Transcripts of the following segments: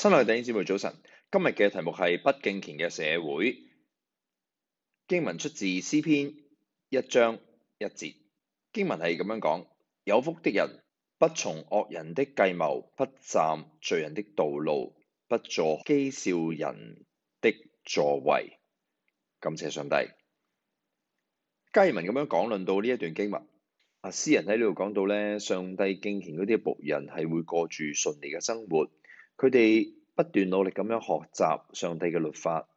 .親愛嘅弟兄姊妹，早晨！今日嘅題目係不敬虔嘅社會。經文出自詩，詩篇一章一節。經文係咁樣講：有福的人不從惡人的計謀，不站罪人的道路，不坐譏笑人的座位。感謝上帝。加爾文咁樣講論到呢一段經文。啊，詩人喺呢度講到呢，上帝敬虔嗰啲僕人係會過住順利嘅生活。佢哋不斷努力咁樣學習上帝嘅律法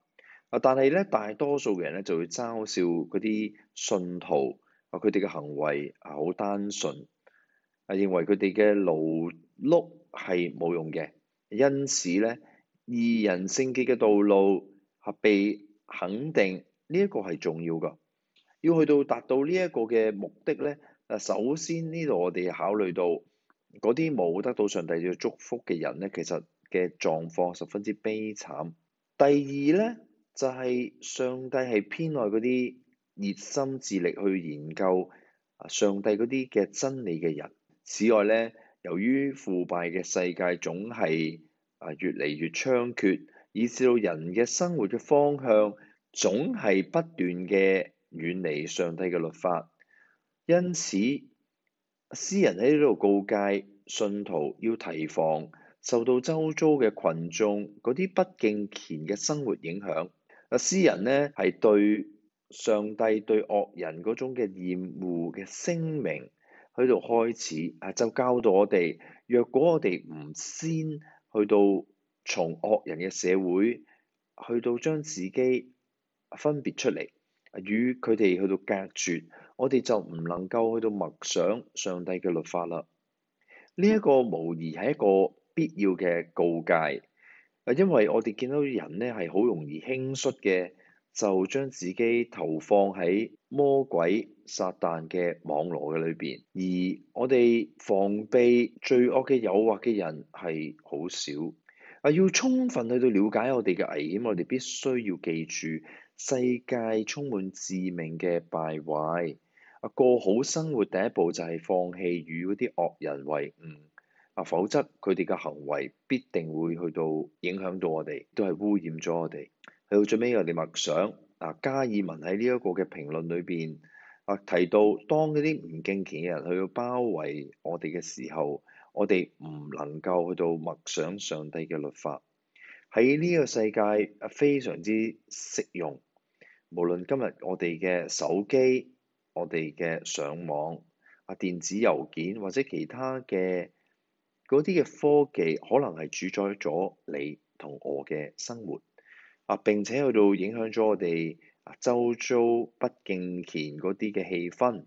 啊，但係咧大多數嘅人咧就會嘲笑嗰啲信徒啊，佢哋嘅行為啊好單純啊，認為佢哋嘅勞碌係冇用嘅，因此咧二人聖潔嘅道路啊被肯定呢一個係重要噶，要去到達到呢一個嘅目的咧啊，首先呢度我哋考慮到嗰啲冇得到上帝嘅祝福嘅人咧，其實嘅狀況十分之悲慘。第二呢，就係上帝係偏愛嗰啲熱心致力去研究啊上帝嗰啲嘅真理嘅人。此外呢，由於腐敗嘅世界總係啊越嚟越猖獗，以至到人嘅生活嘅方向總係不斷嘅遠離上帝嘅律法。因此，詩人喺呢度告戒信徒要提防。受到周遭嘅群眾嗰啲不敬虔嘅生活影響，啊！詩人咧係對上帝對惡人嗰種嘅厭惡嘅聲明，喺度開始啊，就教導我哋，若果我哋唔先去到從惡人嘅社會去到將自己分別出嚟與佢哋去到隔絕，我哋就唔能夠去到默想上帝嘅律法啦。呢一個無疑係一個必要嘅告誡，啊，因為我哋見到人呢，係好容易輕率嘅，就將自己投放喺魔鬼撒旦嘅網羅嘅裏邊，而我哋防備罪惡嘅誘惑嘅人係好少。啊，要充分去到了解我哋嘅危險，我哋必須要記住，世界充滿致命嘅敗壞啊，過好生活第一步就係放棄與嗰啲惡人為伍。啊！否則佢哋嘅行為必定會去到影響到我哋，都係污染咗我哋。去到最尾，我哋默想啊，加爾文喺呢一個嘅評論裏邊啊，提到當嗰啲唔敬虔嘅人去到包圍我哋嘅時候，我哋唔能夠去到默想上帝嘅律法。喺呢個世界啊，非常之適用。無論今日我哋嘅手機、我哋嘅上網啊、電子郵件或者其他嘅。嗰啲嘅科技可能係主宰咗你同我嘅生活啊，並且去到影響咗我哋周遭不敬虔嗰啲嘅氣氛。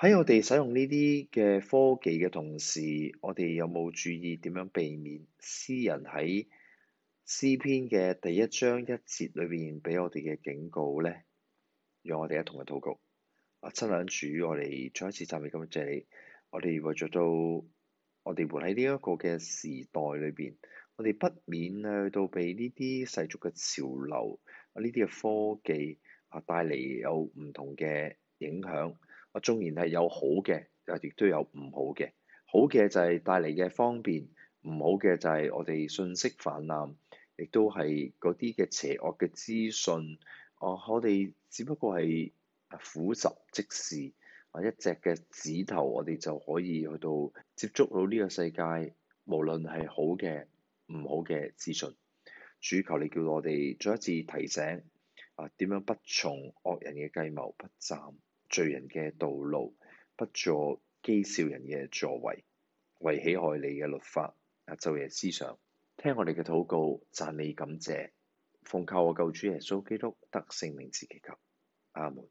喺我哋使用呢啲嘅科技嘅同時，我哋有冇注意點樣避免？詩人喺詩篇嘅第一章一節裏邊俾我哋嘅警告咧，讓我哋一同去禱告。啊，親愛嘅主，我哋再一次讚美感謝你。我哋為咗到。我哋活喺呢一個嘅時代裏邊，我哋不免啊去到被呢啲世俗嘅潮流啊，呢啲嘅科技啊帶嚟有唔同嘅影響。啊，縱然係有好嘅，啊，亦都有唔好嘅。好嘅就係帶嚟嘅方便，唔好嘅就係我哋信息泛濫，亦都係嗰啲嘅邪惡嘅資訊。啊，我哋只不過係啊，苦集即時。一隻嘅指頭，我哋就可以去到接觸到呢個世界，無論係好嘅、唔好嘅資訊。主求你叫我哋再一次提醒啊，點樣不從惡人嘅計謀不，不站罪人嘅道路，不坐譏笑人嘅座位，惟喜愛你嘅律法。啊，晝夜思想，聽我哋嘅禱告，讚你感謝，奉靠我救主耶穌基督得勝名字祈求，阿門。